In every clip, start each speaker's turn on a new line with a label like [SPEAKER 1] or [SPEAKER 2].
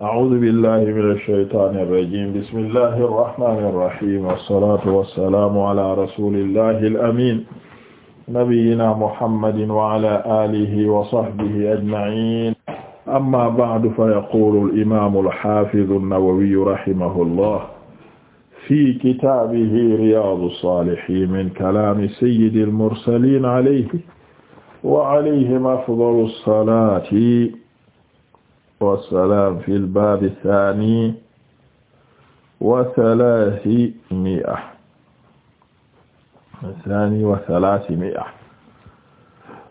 [SPEAKER 1] a'uuzu billaahi mina shaytaani rajiim bismillaahi rahmaani rahiim wassalaatu wassalaamu alaa rasuulillaahi al-amiin nabiyyinaa muhammadin wa alaa aalihi wa sahbihi ajma'iin amma ba'du fa yaquulu al-imaamu al-haafizu an-nawawiyyu rahimahullaah fii kitaabihi riyaadu saalihiin min kalaami sayyidi al-mursaliin alayhi wa alayhim afdalu salaati wasalaam fil baabi saani wasalaasi mi'a saani wasalaasi mi'a.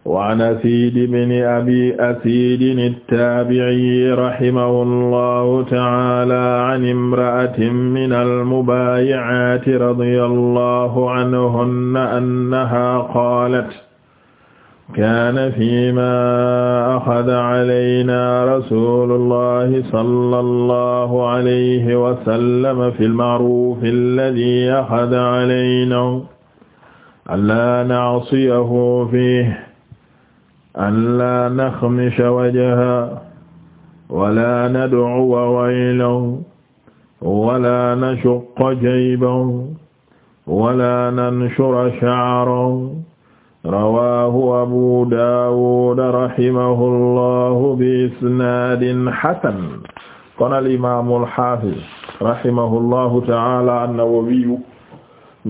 [SPEAKER 1] waan asiid ibn abi asiidin attaabi'i rahimahullahu ta'aala an imra'atin minal mubaayi'aati radiyallahu anhunna annahaa qaalat kaana fiimaa axada alaynaa rasuulullahi sallallahu alayhi wa sallam fil ma'ruufi allazii axada alaynaa allaa na'siyahu fiihi allaa naxmisha wajhahu walaa nad'uwa waylahu walaa nashukka jaybahu walaa nanshura sha'rahu rawaahu abu daawud rahimahullahu bi isnaadin hasan kon al imaamul haafiz rahimahullahu ta'ala an-nawawi mu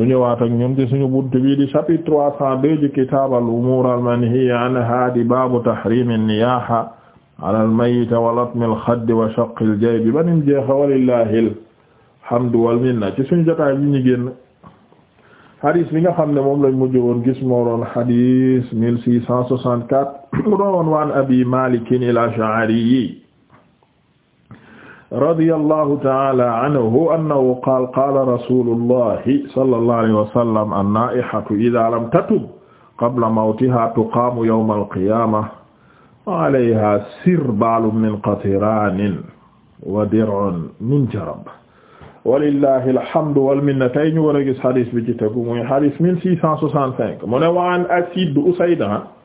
[SPEAKER 1] ñëwaat ak ñun ci suñu buntu bii di chapitre trois cent deux ci kitaab al umuur al manhiyya anhaa di baabu tahriimi niyaaha alal mayyit wa latmil xaddi wa shaqqil jaybi ba nim jeexa walillaahi alhamdu wal minna ci suñu jotaay bi ñu génn hadis bi nga xam ne moom lañ mujj woon gis moo doon hadis 1664 mu doon woon waan abi Malik al-Ash'ari radiyallahu ta'ala anhu annahu qaala qaala rasulullahi sallallahu alayhi wa sallam an-naa'ihatu idhaa lam tatub qabla mawtihaa tuqaamu yawma al-qiyaamah wa 'alayhaa sirbaalun min qatiraanin wa dir'un min jarab walillahi alhamdu wal minna tey ñu war a gis xadis bi ci tegu muy xadis 1665 mu ne waan Asid du Usayd ah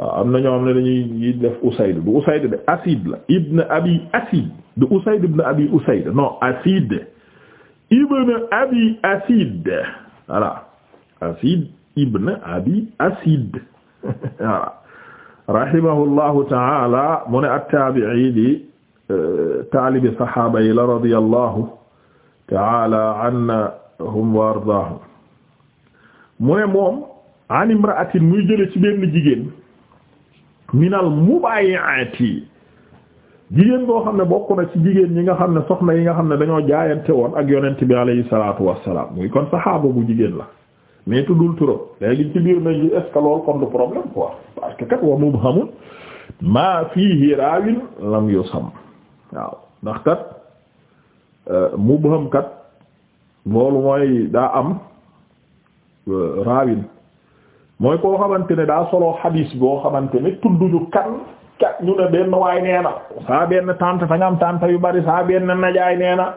[SPEAKER 1] waaw am na Abi Asid du Abi Asid Ibn Abi Asid voilà Asid Ibn Abi Asid voilà rahimahullahu ta'ala mu euh, yi taala annahum wa ardaahum mu ne moom an imraatin muy jële ci benn jigéen minal mubaayi'ati jigéen boo xam ne bokk na ci jigéen ñi nga xam ne soxna yi nga xam ne dañoo jaayante woon ak yonent bi alayhi salaatu wassalaam muy kon saxaaba bu jigéen la mais tuddul turam léegi ci biir nañu est-ce que kon du problème quoi parce que kat wa mubhamun maa fiihi raawin lam yusam waaw ndax kat Euh, mu kat loolu mooy daa am euh, raawin mooy koo xamante ne daa solo xadiis boo xamante ne tudduñu kan kat ñu ne benn waay nee na saa benn tante fa nga am tante yu bari saa benn najaay nee na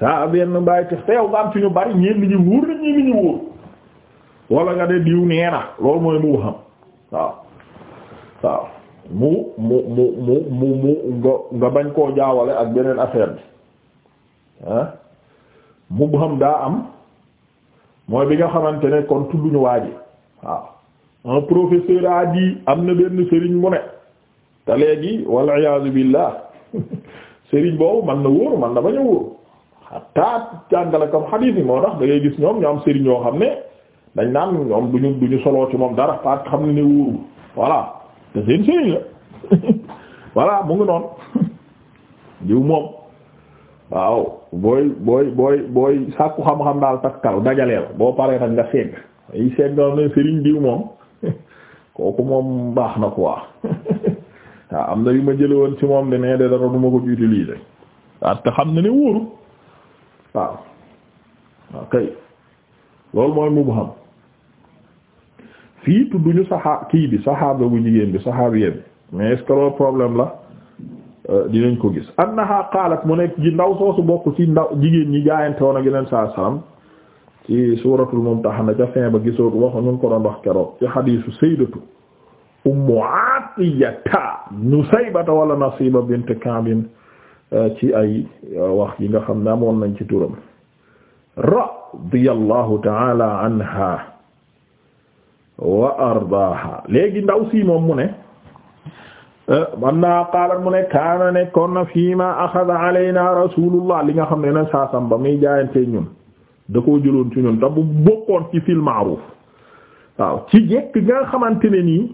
[SPEAKER 1] saa benn bàyyi te teew nga am ci ñu bari ñeen li ñu wóor na ñii li ñu wóor wala nga de diw nee loolu mooy mubham waaw waaw mu mu mu mu mu mu nga nga bañ koo jaawale ak beneen affaire bi bu ah mubham daa am mooy bi nga xamante ne kon tudduñu waaji waaw un professeur a dit am na benn sëriñ mu ne te léegi wal iyaazu billah sëriñ boobu man na wóor man na bañ a wóor xataa jàngalekam xadiis yi moo tax dangay gis ñoom ñu am sëriñ yoo xam ne dañ naan ñoom duñu duñu soloo ci moom dara parce xam ne ne wóorul voilà te seen sëriñ la voilà mu ngi noonu jiw moom waaw booy booy booy booy sàkku xam-xam daal takkal dajaleel boo paree nag nga segg ay segg nga ne Serigne diw moom kooku moom baax na quoi waaw am na yu ma jële woon ci moom de nee de dara du ma ko utiliser waaw xam na ni wóoru waaw waaw kay loolu mooy mubham fii tudduñu saxaa kii bi saxaaba bu jigéen bi saxaar bi mais est problème la Euh, dinañ ko gis annaha qaalat mu nekk ji ndaw soosu bokk ci ndaw jigéen ñi jaayante woon ak yeneen saa salaam ci suuratul mumtahana ca fin ba gisoot wax ñu ngi ko doon wax keroog ci xadiisu sayyidatu ummu atiyata nusaybata wala nasiba bint kaabin euh, ci ay euh, wax yi nga xam ne amoon nañ ci turam radiyallahu taala anha wa ardaaha léegi ndaw si moom mu ne am naa qaalat mu ne kaana nekkoon na fii ma axada alaynaa rasulullah li nga xam ne yeneen saasam ba muy jaayantee ñun da koo jëloon ci ñun bu bokkoon ci fil ma'ruf waaw ci jekk nga xamante ne nii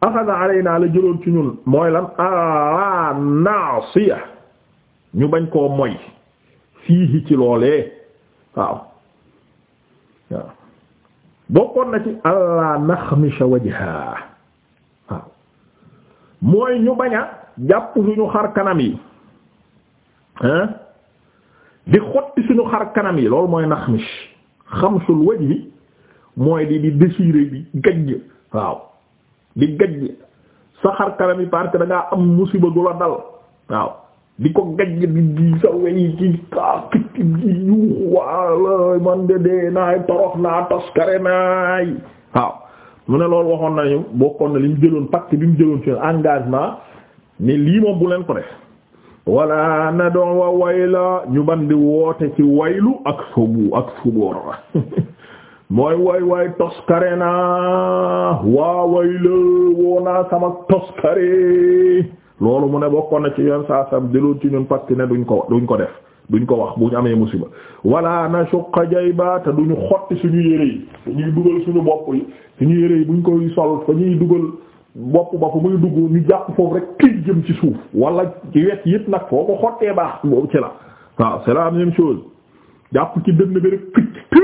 [SPEAKER 1] axada alaynaa la jëloon ci ñun mooy lan ala naasiya ñu bañ koo moy fii ci loolee waaw waaw bokkoon na ci ala naxmisha wajha mooy ñu bañ a jàpp suñu xar kanam yi hein di xotti suñu xar kanam yi loolu mooy nax mi xamsul waj bi mooy di di déchiré di gajj waaw di gajj sa xar kanam yi parce que da ngaa am musiba du la dal waaw di ko gajj di di sa weyi ci kaa kitti di yuuxu waala man de dee naay torox naa toskare naay waaw mu ne loolu waxoon nañu bokkoon na li mu jëloon pacte bi mu jëloon ci engagement ni lii moom bu leen ko def wala na doon wa wayla ñu bandi woote ci waylu ak sobu ak subóor mooy way way toskare naa waa wayla woonaa sama toskare loolu mu ne bokkoon na ci yoon saa sam jëloon ci ñun pacte ne duñ ko duñ ko def duñ ko wax bu ñu amee musiba wala nasuqa jayba te duñu xotti suñu yére yi ñuy dugal suñu bopp yi suñu yére yi buñ koy sol fa ñuy dugal bopp ba fu muy dugg ñu jàpp foofu rek kii jëm ci suuf wala ci wet yëpp nag foo ko xottee baax ci la waaw c'est la même chose jàpp ci dënn bi rek picc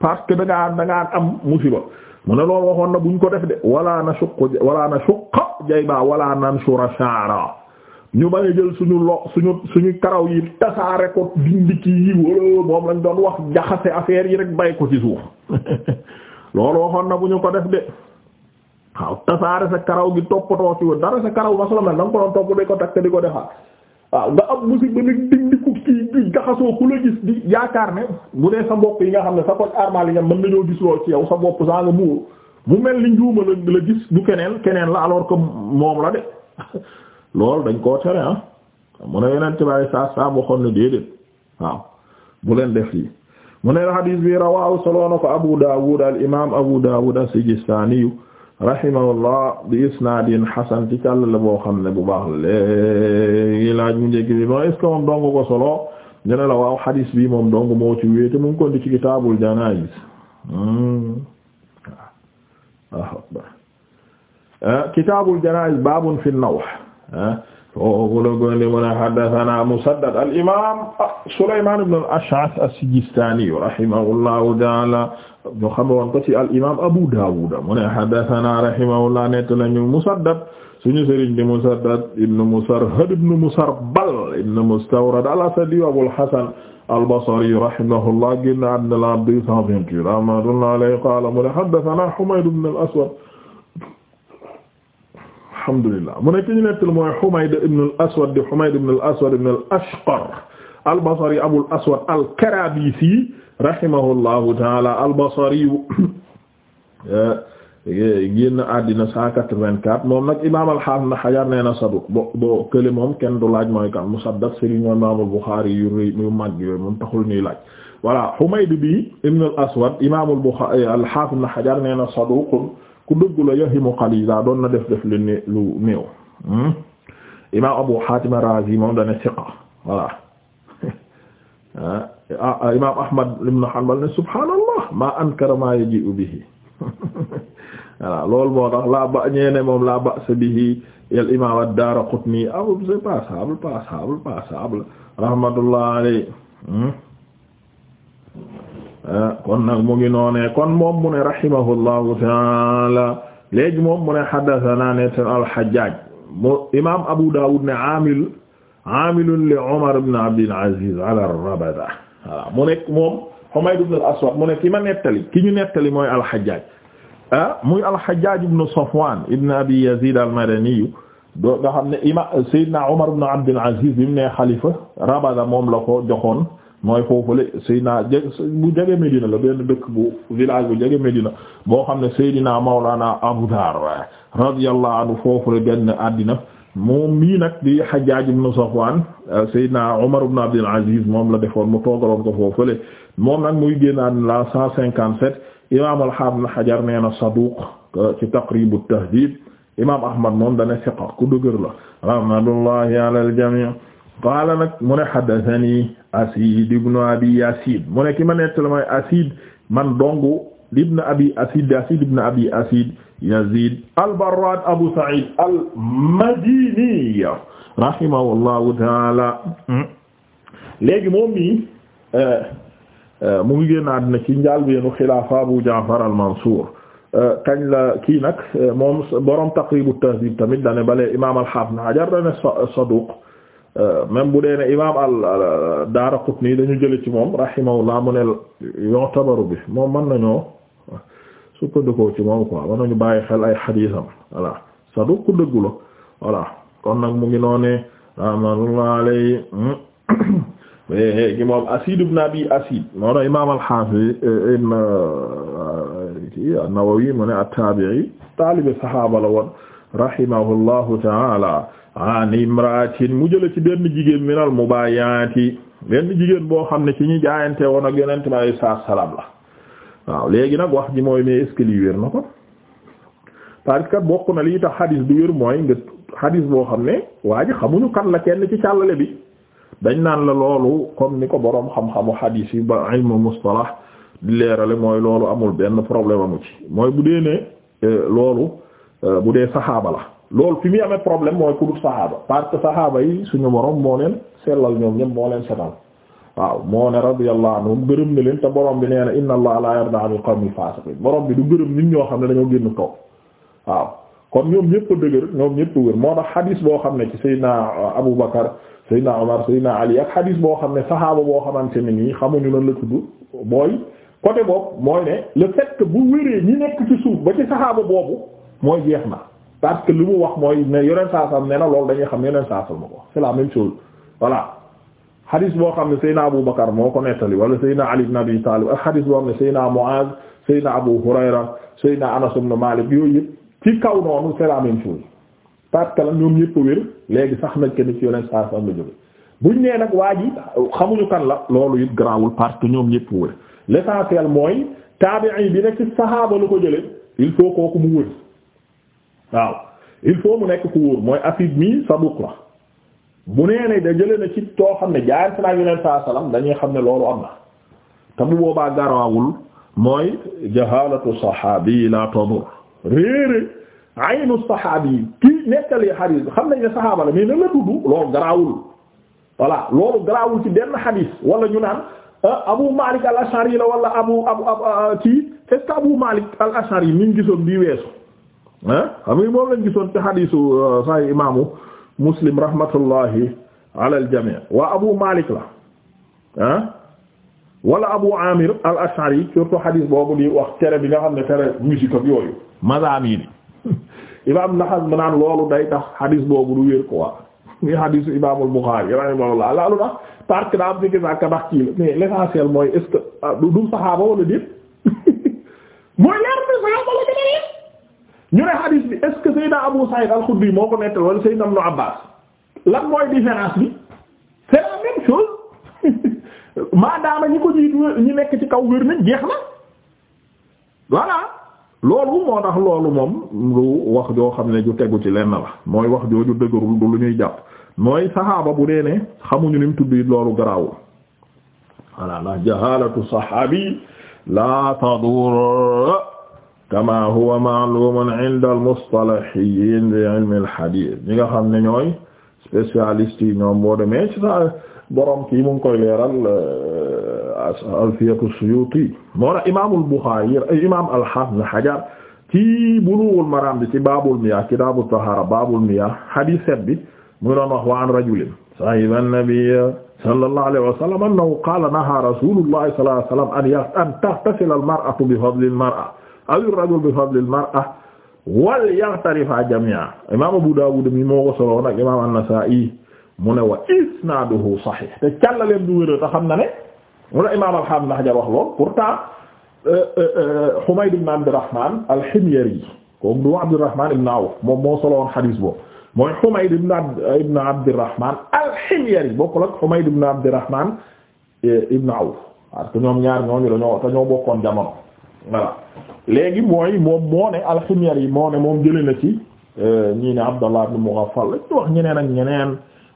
[SPEAKER 1] parce que da ngaa am musiba mu ne loolu waxoon na buñ ko def de wala nasuqa wala nasuqa jayba wala nansura sha'ra ñu mën a jël suñu lo suñu suñu karaw yi tasaare ko dindi ci yi wala moom lañ doon wax jaxase affaire yi rek bay ko ci suuf loolu waxoon na bu ñu ko def de waaw tasaare sa karaw gi toppatoo ci dara sa karaw masula mel da nga ko doon topp di ko takk di ko defar waaw nga am musiba nag dindi ko kii jaxasoo ku la gis yaakaar ne bu dee sa mbokk yi nga xam ne sa koñ armal yi nga mën nañoo gis lool ci yow sa bopp saa nga muur mu mel ni njuuma la la keneen keneen la alors que moom la lool dañ koo tere ah mu ne yeneen tibaay saa saa waxoon na déedéet waaw bu leen def yi mu ne hadis bi rawaahu solo na ko Abu Dawud al imaam Abu Dawud as-Sijistani rahimahullah bi isnaadin hasan ci càll la boo xam ne bu baax la léegi laaj mu njëkk bi mooy est ce moom dong ko solo ñu ne la bi moom dong moo ci wéete mu ngi ko di ci kitaabul janaa'iz waaw hmm. eh, waaw fi an foofu la gondi mu ne haddathana Musaddad al-imam Sulayman ibn al-Ash'ath as-Sijistani rahimahullahu ta'ala ñu xamoon ko ci al-imam Abu Dawud mu ne haddathana rahimahullah nett lañu Musaddad suñu sëriñ di Musaddad ibn Musarhad ibn Musarbal ibn Mustawrad al-Asadi Abul Hasan al-Basri rahimahullah génn àddina la 228 rahmatullahi alayhi qala mu ne haddathana Humayd ibn al-Aswad alhamdulillah mu nekk ñu nettal mooy Humayd ibn al-Aswad di Humayd ibn al-Aswad ibn al-Ashqar al-Basri Abul Aswad al-Karabisi rahimahullahu ta'ala al-Basri eh, génn àddina 184 moom nag imaam al-Hafiz Ibn Hajar nee na saduq bo bo kële moom kenn du laaj mooy kan Musaddad Serigne imaam al-Bukhari yu rëy yu mag yooyu moom taxul ñuy laaj voilà Humayd bi ibn al-Aswad imaam al-Bukhari al-Hafiz Ibn Hajar nee na saduq ku dëggu la yahimu qalila doon na def def lu ne lu hmm? imaam Abu Hatim Razi moom dana siqa voilà ah, ah, ah, imaam Ahmad ibn Hanbal subhaanallah ma ankara ma yaji'u bihi voilà loolu moo tax laa ba ñeene moom laa ba sa bihi el imaam ad-Daraqutni ah c'est rahmatullah alayhi hmm? Eh, kon nag mu ngi noonee kon moom mu ne rahimahullahu taala léegi moom mu ne haddathana netan al-Hajjaj mu imam Abu Dawud ne amil amilun li Umar ibn Abdul Aziz ala rabada voilà mu nekk moom Humayd ibn al-Aswad mu ne ki ma nettali ki ñu nettali mooy al-Hajjaj ah muy al-Hajjaj ibn Safwan ibn Abi Yazid al-Madani do nga xam ne ima Seydina Umar ibn Abdul Aziz bi mu ne xalifa rabada moom la ko joxoon mooy foofule Seydina bu Medina la benn dëkk bu village bu jege Medina boo xam ne Seydina Mawlana Abu Dar radiyallahu anhu foofule benn àddina moom mii nag di Hajjaj ibn Safwan euh, Seydina Umar ibn Abdul Aziz moom la mu toogaloon ko foofule moom nag muy génnaan la 157 saduq euh, ci Taqrib at-Tahdhib imaam Ahmad moom dana siqa ku dëgër la rahmatullahi qaala nag mu ne haddathani Asiid ibnu Abi Asiid mu ne ki ma nettali mooy Asiid man dongu ibnu Abi Asiid Asiid ibnu Abi Asiid Yaziid al-Barraad Abu Sa'iid al-Madiini rahimahullahu ta'aala léegi moom mi mu ngi génn àddina ci njàlbéenu xilaafa Abu Ja'far al-Mansuur kañ la kii nag moom borom Taqriib at-Tahziib tamit dane bale imaam al-Haafiz Hajar dane saduuq Euh, même bu dee ne imaam al Daaraqutni dañu jële ci moom rahimahullah mu ne yoo tabaru bi moom mën nañoo xel ay xadiisam voilà sa dëggu la voilà kon nag mu ngi noonee rahmatullah alayhi léegi moom Asid ibn Abi Asid moo tax imaam al-Hafiz eh, ibn eh, eh, an-Nawawi mu ne at-Tabi'i saxaaba la woon rahimahullahu ta'ala ah an imraatin mu jële ci benn jigéen mi minal mubaayaati benn jigéen boo xam ne ci ñi jaayante woon ak yonent bi alayhi salaatu salaam la waaw léegi nag wax ji mooy mais est-ce que lii wér na ko parce que bokk na lii tax xadis du wér mooy nga xadis boo xam ne waa xamuñu kan la kenn ci càllale bi dañ naan la loolu comme ni ko boroom xam-xamu xadis yi ba ilmu mustalah di leerale mooy loolu amul benn problème amu ci mooy bu dee ne euh, loolu euh, bu dee saxaaba la loolu fi muy amee problème mooy ku dul saxaaba parce que saxaaba yi suñu borom moo leen sellal ñoom ñëpp moo leen setal waaw moo ne radiyallahu anhum gërëm na leen te borom bi nee na inna allaha la yarda anil qawmil fasiqin borom bi du gërëm nit ñoo xam ne dañoo génn toog waaw kon ñoom ñëpp a dëgër ñoom ñëpp wér moo tax xadis boo xam ne ci Seydina Abu Bakar Seydina Omar Seydina Ali ak xadis boo xam ne saxaaba boo xamante ne nii xamuñu lan la tudd booy côté boobu mooy ne le fait que bu ba ci saxaaba boobu mooy jeex na parce que li mu wax mooy ne yoneen saasam ne na loolu dañuy xam ne yoneen saasam ma ko c'est la même chose voilà xadis boo xam ne Seydina Abu Bakar moo ko nettali wala Seydina Ali ibn Abi Talib ak xadis boo xam ne Seydina Muaz Seydina Abu Hurayra Seydina Anas ibn Malik yooyu yëpp ci kaw noonu c'est la même parce que la ñoom ñëpp wér léegi sax nañ kenn ci yoneen saasam la jóge buñ nee nag waa ji xamuñu kan la loolu it garaawul parce que ñoom yëpp wér l'essentiel mooy taabi'i bi nekk ci saxaaba la ko jëlee il wér waaw il faut mu nekk ku wóor mooy afid mi saduq la bu nee ne da jëlee na ci too xam ne jaayante naa yeneen saa salaam dañuy xam ne loolu am na te bu boobaa garaawul mooy jahalatu saxaabi la tadur réere aynu saxaabi kii nekkali xadiis xam nañ ne saxaaba la mais na la tudd loolu garaawul voilà loolu garaawul ci benn xadiis wala ñu naan ah, Abu Malik al-Ash'ari la wala abu abu ah, kii est-ce que Abu Malik al-Ash'ari mi ngi gisoon bii weesu. xam nga moom lañ gisoon ci xadiisu euh, say imaamu muslim rahmatullahi ala al jamii waa abu malik la wala abu amir al ashari surtout xadiis di wax tere bi nga xam ne tere musique ak yooyu mazamini imaam naxas ma naan loolu day tax xadiis boobu du wér quoi ngi xadiisu imaamul buxaari rahimahullah laalu ndax parce que daa am si gis ak ndax kii la mais l'essentiel mooy est-ce que ah, du saxaaba wala déet mooy leer bi saxaaba la ñu ne hadith bi est-ce Abu Saïd al moo ko nettal wala Seydina Ibn Abbas lan mooy différence bi c'est la même chose ñi ko ñi nekk ci kaw wér nañ jeex na voilà loolu moo tax loolu moom lu wax joo xam ne ju tegu ci lenn la mooy wax jooju dëgërul du lu ñuy jàpp mooy saxaaba bu dee ne xamuñu ni mu tudd loolu garaawul voilà la jahalatu saxaabi la tadur kama huwa ma'lumun 'inda al-mustalahiyyin bi 'ilmi al-hadith ñi nga xam ne ñooy spécialiste yi ñoom boo demee ci sa borom kii mu ngi koy leeral euh, alfiyatu suyuti moo na imaamul buxaari imaam al-hafiz hajar ci bulughul maram bi ci baabul miyaah kitaabu tahaara baabul miyaah hadith set bi mu doon wax wa an rajulin sahiba an-nabiyya sallallahu alayhi wa sallam annahu qaala nahaa rasuulullahi sallallahu alayhi wa sallam an taghtasila al-mar'atu bi fadli al-mar'a awi rajul bi fadlil mar'a wal yaqtarifa jami'a imaam Abu Dawud mi moo ko solo nag imaam An-Nasa'i mu ne wa isnaaduhu sahih te càllaleen du wér te xam na ne mu ne imaam al-Hafiz Ibn Hajar wax lool pourtant euh, euh, euh, Humayd ibn Abdurrahman al-Himyari kooku du Abdurrahman ibn Awf moom moo solo woon xadiis boobu mooy Humayd ibn ibn Abdurrahman al-Himyari bokkul ak Humayd ibn Abdurrahman ibn Awf parce que ñoom ñaar ñooñu dañoo dañoo bokkoon jamono voilà. léegi mooy moom moo ne alximyar yi moo ne moom jëlee na ci euh, ñii ne Abdallah ibn Mughaffal lañ wax ñeneen ak ñeneen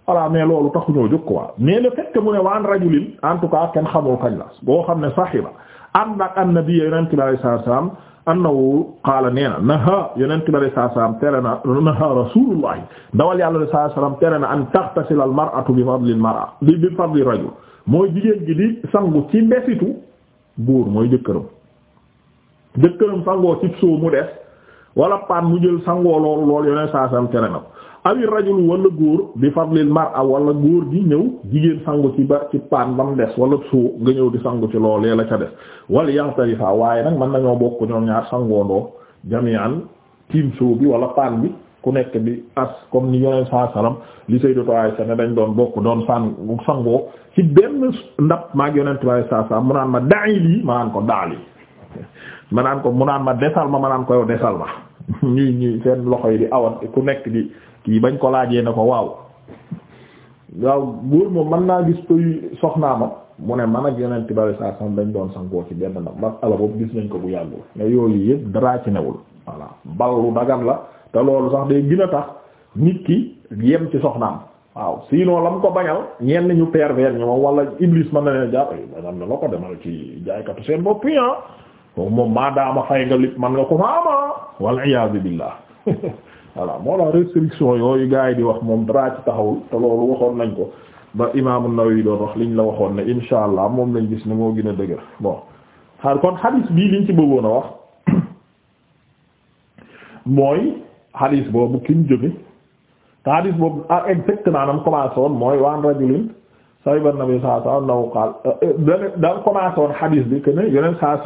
[SPEAKER 1] voilà mais loolu taxuñoo jóg quoi mais le fait que mu ne waan rajulin en tout cas kenn xamul kañ la boo xam ne saxiba ànd ak annabi yonent bi alayhi salaam annahu qaala nee na naha yonent bi alayhi salaam tere na naha rasulullahi dawal yàlla alayhi salaam tere na an taxtasila al mar'atu bi fadli al mar'a bi bi fadli rajul mooy jigéen gi di sangu ci mbesitu buur mooy jëkkëram jëkkëram sangoo ci soo mu des wala paan mu jël sangoo loolu lool yoneen saa sam tere na ko awi rajul wala góor bi fadlil mar'a wala góor gi ñëw jigéen sangu ci ba ci paan ba mu des wala soo nga ñëw di sangu ci loolee la ca des wala yaxtarifa waaye nag mën nañoo bokk ñoom ñaar sangoondoo jami'an tiim soo bi wala paan bi ku nekk bi as comme ni yoneen saa salam li Sayyidatu Aisha ne dañ doon bokk doon san sangoo ci benn ndab maag yoneen saa salam mu ma da'i lii ma ko mu naan ma desal ma manaan naan ko yow desal ma ñuy ñuy seen loxo yi di awan ku nekk di kii bañ ko laajee ne ko waaw waaw góor moom mën naa gis koy ma mu ne man a yeneen tibari saa sam dañ doon sankoo ci benn nag masala boobu gis nañ ko bu yàggul ne yooyu yëpp daraa ci newul voilà ballu dagan la te loolu sax day gën a tax nit ki yem ci soxnaam waaw sinon la mu ko bañal ñenn ñu pervers ñi moom wala iblis mën na leen jàpp eh, ay bañal na la ko demal ci jaaykatu seen bopp ah moom moom maadaama xay nga lépp man nga ko faama wal iyaazu billah voilà moo la restriction yooyu gars yi di wax moom dara ci taxawul te loolu waxoon nañ ko ba imaam An-Nawawi doon wax liñ la waxoon ne insha allah moom lañ gis ne moo gën a dëgër bon xaar kon xadiis bii liñ ci bëggoon a wax mooy xadiis boobu ki mu jóge te xadiis boobu ak ah, exactement nam commencé mooy waan rajulin sahiban nabi sallallahu alayhi naw qaal da commencé xadiis bi que ne yeneen saa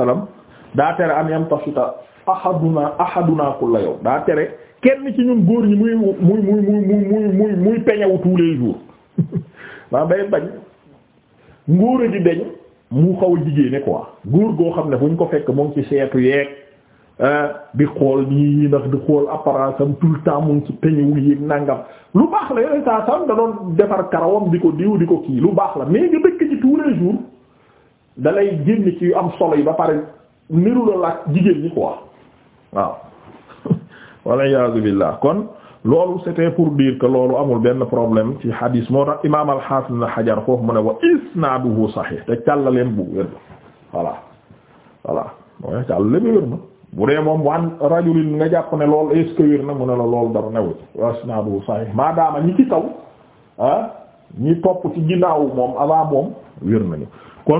[SPEAKER 1] daa tere am yam tasuta ahaduna ahaduna kulla yow daa tere kenn ci ñun góor ñi muy muy muy muy muy muy muy peñaw tous les jours maa day bañ ngóor di deñ mu xaw a jigéene quoi góor goo xam ne fu ñu ko fekk mu ngi ci seetu yeeg euh, di xool nii ndax di xool apparence am tout le temps mu ngi ci peñewul yéeg nangam lu baax la yooyu saa sam da doon defar karawam di ko diw di ko kii lu baax la mais nga dëkk ci tous les dalay génn ci am solo yi ba pare niru la laaj jigéen ñi quoi waaw walla iyaazu billaah kon loolu c'était pour dire que loolu amul benn problème ci hadis moo tax imaam al-Hasan ibn Hajar foofu mu ne wa isnaaduhu sahih te càllaleem bu wér bu wér na bu dee moom wan nga jàpp ne loolu na mu ci kaw ah ñi kon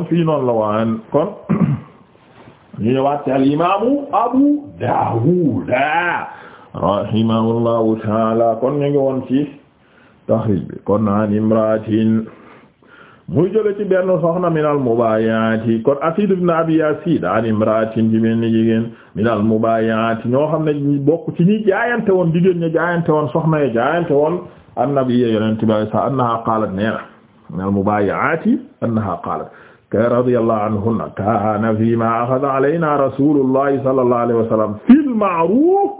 [SPEAKER 1] fii noonu la waan kon ñu ñëwaat ci al imaamu Abu Daawud rahimahullahu kon ñu ngi woon kon an imraatin muy jële ci benn soxna min al mubayaati kon Asiid ibn Abi Yasiid an imraatin ci benn min al ñoo xam ne ñu bokk ci ñi jaayante woon jigéen ñi jaayante woon soxna yi jaayante woon annabi yonent bi annaha qaalat nee min al mubayaati annaha qaalat ka radiyallahu anhunna kaana fi ma axada alayna rasulullahi sallallahu alayhi wa sallam fil ma'ruf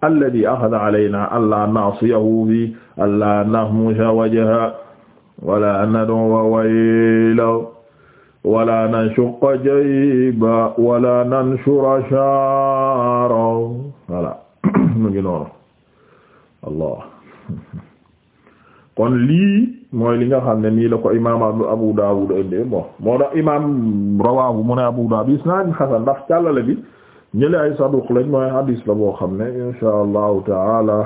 [SPEAKER 1] alladhi axada alayna alla na'siyahu fi alla nahmusha wajha wala nad'uwa waylahu wala nashqa jayba wala nanshura sha'ra wala mu ngi noonu Allah kon lii mooy li nga xam ne nii la ko imaam Abu Dawud indee bon moo tax imaam rawahu mu ne Abu Dawud isnaad hasan ndax càllale bi ñële ay saduq lañ mooy hadis la boo xam ne inshaa allahu taala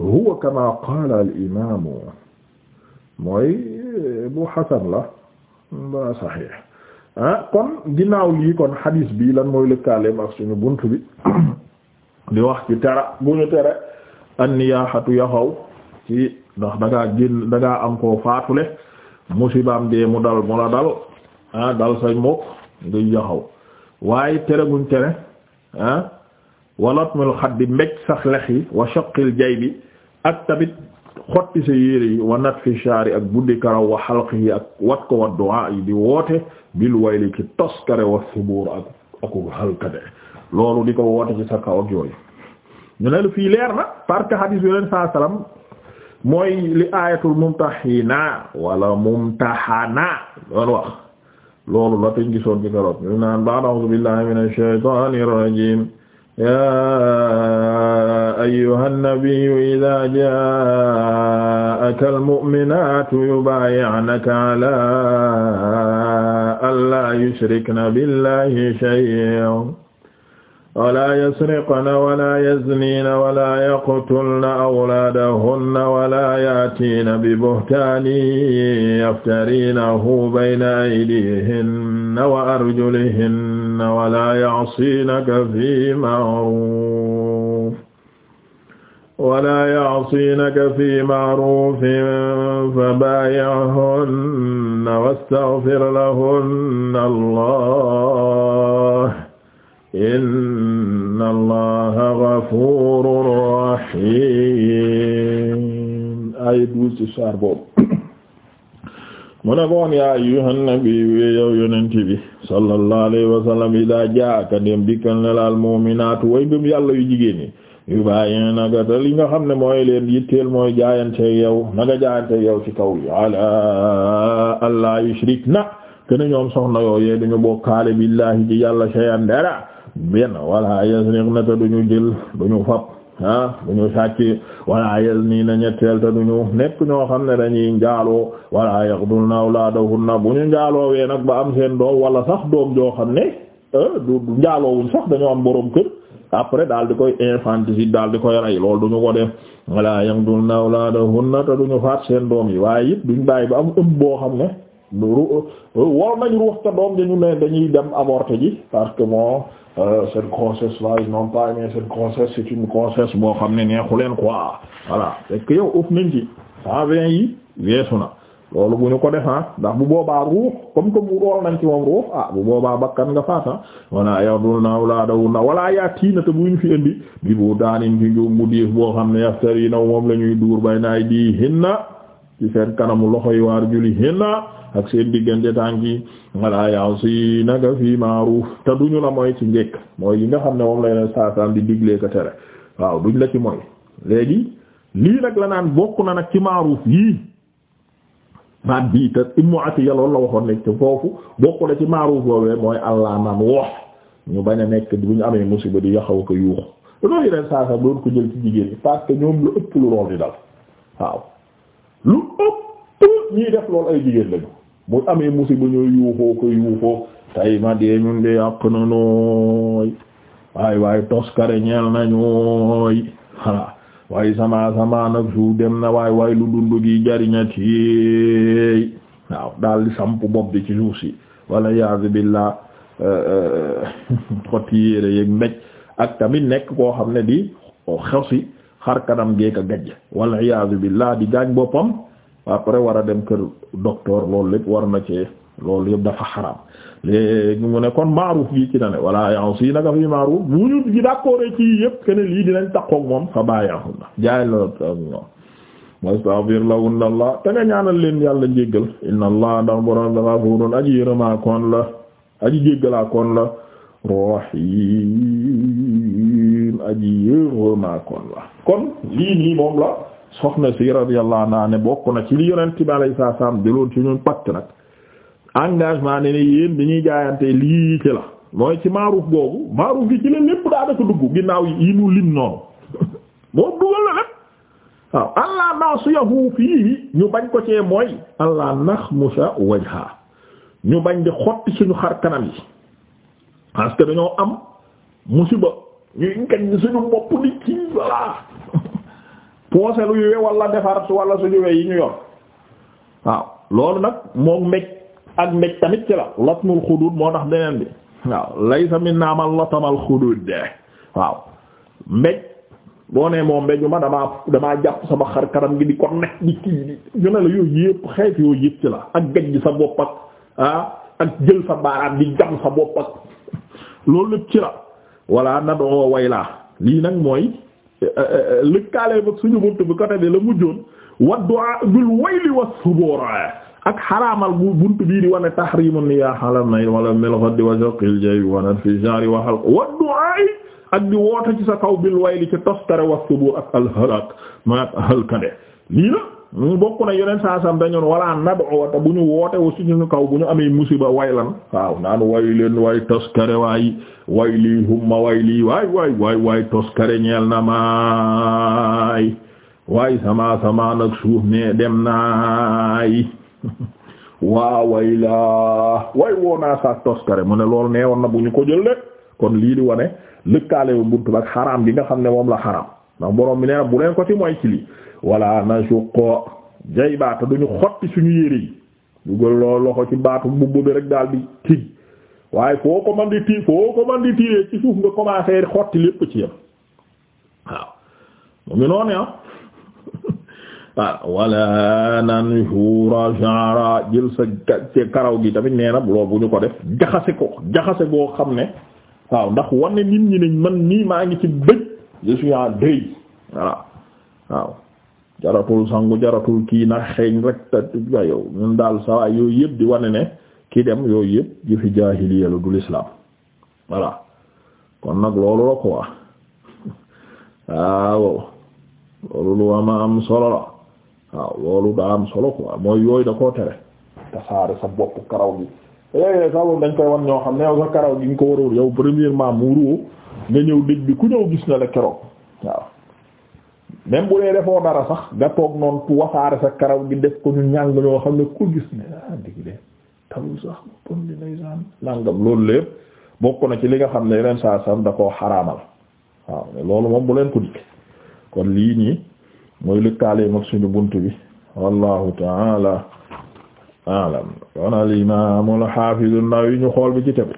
[SPEAKER 1] huwa kama qaala al imaam mooy bu hasan la ba sahih ah kon ginnaaw lii kon hadis bi lan mooy lëkkaaleem ak suñu bunt bi di wax ci tera bu ñu tere an niyahatu yaxaw ci ndax da ngaa génn da am koo faatule musibaam dee mu dal mu la dal ah dal say mbokk ngay yaxaw waaye tere guñ tere ah walatmul xaddi mbéj sax lex yi wa shaqil jay bi ak tamit xotti sa yére yi wa nat fi shaari ak buddi karaw wa xalq yi ak wat ko wa du'a yi di woote bil wayli ki toskare wa subuur ak aku halkade loolu di ko woote ci sa kaw ak yooyu ñu ne fii leer na parce que hadis leen saa salaam mooy li aayatul mumtahina wala mumtahana doon wax loolu la teñ gisoon ci keroog ñu naan ba'd a'uuzu billahi minash shaytaanir rajiim yaa ayyuhan nabiyyu idhaa jaa'akal mu'minaatu yubaayi'naka 'alaa allaa yushrikna billahi shay'an walaa yasriqna walaa yazniina walaa yaqtulna awlaadahunna walaa yaatiina bibuhtaanin yaftariinahu bayna aydiihinna wa arjulihinna walaa ya'siinaka fii ma'ruuf walaa ya'siinaka fii ma'ruufin fabaayi'hunna wastaghfir lahunna Allah inna allaha ghafurur rahim ay douze saar boobu mu ne koon yaa ayyuhan nabiyyu yow yonent bi sallallahu alayhi wa sallam idaa dem dikkal ne laal mu'minaatu way gëm yàlla yu jigéen yi yu naga te nga xam ne mooy leen yitteel mooy jaayante yow naga jaayante yow ci kaw yi alaa allaa yushrikna kene ñoom soxna yooyee duñu bokkaale billahi ci yàlla shay'an dara benn wala yasriqna te ñu jël duñu fab ah duñu sàcc wala yazniina ñetteel te ñu nekk ñoo xam ne dañuy njaaloo wala yaqtulna na bu ñu wee nag ba am seen doom wala sax doom joo xam ne euh, du njaaloowuñ sax dañoo am boroom kër après daal di koy infanticide daal di koy rey loolu duñu ko def wala yaqtulna awlaadahunna te ñu faat seen doom yi waaye it duñ bàyyi ba am ëmb boo xam ne Euh, wol nañ ruux ta doom dañu ne dañuy dem avorter ji parce que bon euh, cette grossesse là ils n'ont pas aimé cette grossesse boo xam ne neexu leen ko voilà c'est que yow ëpp nañ ci cent vingt yi weesu na loolu bu ñu ko defan ah, ndax bu boobaa ruux comme que bu rool nañ ci moom ruux ah bu boobaa bakkan nga faata ah. wala yardul na wala dawul na wala yaa tiina te bu ñu fi indi bi bu daanin ci njuum bu diif boo xam ne yaftar yi naw moom la ñuy duur bay naay di hinna ci seen kanamu loxo yi waar juli hinna ak seen diggante tànk yi walaa yaaw si naka fii maaruuf te duñu la mooy ci njëkk mooy yi nga xam ne moom la yeneen saasaan di diglee ko tere waaw duñ la ci mooy léegi lii nag la naan bokk na nag ci maaruuf yii baat bii te Ibnu Atiyya loolu la waxoon ne te foofu bokk na ci maaruuf boobee mooy allah naan wax ñu bañ a nekk bu ñu amee musiba di yaxaw ko yuux loolu yeneen saasaan doon ko jël ci jigéen parce que ñoom lu ëpp lu lool di dal waaw lu ëpp ñuy def loolu ay jigéen bu amee musiba ñooy yuuxoo ko yuuxoo tay ma dee ñun de yàq na nooy waaye waaye toskare ñeel na ñooy voilà waaye sama sama nag suuf dem na waaye waaye lu dund gi jariñati waaw daal di samp bopp bi ci suuf si wala yaazu billah xotti yére yeeg mbéj ak tamit nekk koo xam ne di xew si xar kanam geek a gajj wala yaazu billah di gaañ boppam après war a dem kër docteur loolu lépp war na ci loolu yëpp dafa xaram léegi mu ne kon maaruf gi ci na ne walla yaa si naka fi maaruf bu ñu gi d'accord ci yëpp kenn lii dinañ takkook moom fa bàyyaxun na jaay la ñoom wastaghfir lahunna allah te nga ñaanal leen yàlla jéggal inna allah ndax borom dafa fuuroon aji yërëmaa koon la aji jéggalaa koon la rahim aji yërëmaa koon la kon lii nii moom la soxna si radiyallahu anha ne bokk na ci li yonent bi alayhi salaam jëloon ci ñun pacte nag engagement ne ne yéen dañuy jaayante lii ci la mooy ci maaruf googu maaruf gi ci la lépp daanaka dugg ginnaaw yi mu lim noonu moo dugal la lépp waaw allah nasiyahu fii ñu bañ ko cee mooy allah naxmusa wajha ñu bañ di xotti suñu xar kanam yi parce dañoo am musiba ñuy ngañ suñu bopp di kii voilà poose lu yuwe wala defar su wala suñu we yi ñu yor waaw loolu nag mook mbéj ak mbéj tamit ci la lotmul xudud moo tax beneen bi waaw laysa minna man latamal xudud de waaw mbéj boo ne moo mbéju ma damaa damaa jàpp sama xar kanam gi di ko nekk di kii di ne la yooyu yëpp xeet yooyu yëpp ci la ak gaj sa bopp ah, ak jël sa baaraam di jam sa bopp ak loolu lépp ci la walla nadoo waylaa lii nag mooy Euh, euh, lëkkaale mag suñu bunt bi côté bi la mujjoon wa du'a bil wayli was subura ak xaraamal bu bunt bii di wane tahrimu niyah ala nay wala mil ghaddi wa shaqil jay wa nadfi jari wa halq wa du'a ak di woote ci sa kaw bil wayli ci tostare was subur ak al halak ma ak halkane lii la mu bokk na yeneen saasam dañoon wala nad'u bu ñu woote wa suñu kaw bu ñu amee musiba way lan waaw naan way leen way toskare waay way lii humma way lii waay waay waay waay toskare ñeel na maay waay sama sama nag suuf ne dem naay waa way laa way woo saak toskare mu ne lool nee woon na bu ñu ko jël de kon lii di wane lëkkaale bu buntu bak xaraam gi nga xam ne moom la xaraam ndax borom bi nee na bu leen ko ci moy ci wala nashuqqa jaybaata duñu xotti suñu yére yi dugal loo loxo ci baatu mbubb bi rek daal di tig waaye foo ko man di ti foo ko man di tiiree ci suuf nga commencé xotti lépp ci yam waaw mu ngi noonu ah waaw ah, wala nanshura sha'ra jël sa karaw gi tamit nee na loolu bu ñu ko def jaxase ko jaxase boo xam ne waaw ndax wane nit ñi ne man nii maa ngi ci bëj je suis en waaw jaratul sangu jaratul kii nag xeeñ rek ta yow ñun daal sawaay yooyu yëpp di wane ne kii dem yooyu yëpp yu fi jaahiliya lu dul islam voilà kon nag loolu la quoi waaw lu ama am solo la waaw loolu daa am solo quoi mooy yooyu da koo tere tasaare sa bopp karaw gi léeg-léeg eh, sax loolu dañ koy wan ñoo xam ne yow sa karaw gi nga ko waroon yow premièrement muuru nga ñëw dëj bi ku ñëw gis na la keroog waaw même bu dee defoo dara sax nga toog noonu ku sa karaw gi def ko ñu ñàng ñoo xam ne ku gis ne ah dégg de tawul sax pon di nay loolu lépp na ci li nga xam ne yeneen saa sam da koo xaraamal waaw loolu moom bu leen ko dikk kon lii nii mooy lëkkaale mag suñu bunt bi wallahu taala alam kon al imaam al xaafiz ñu xool bi ci tegu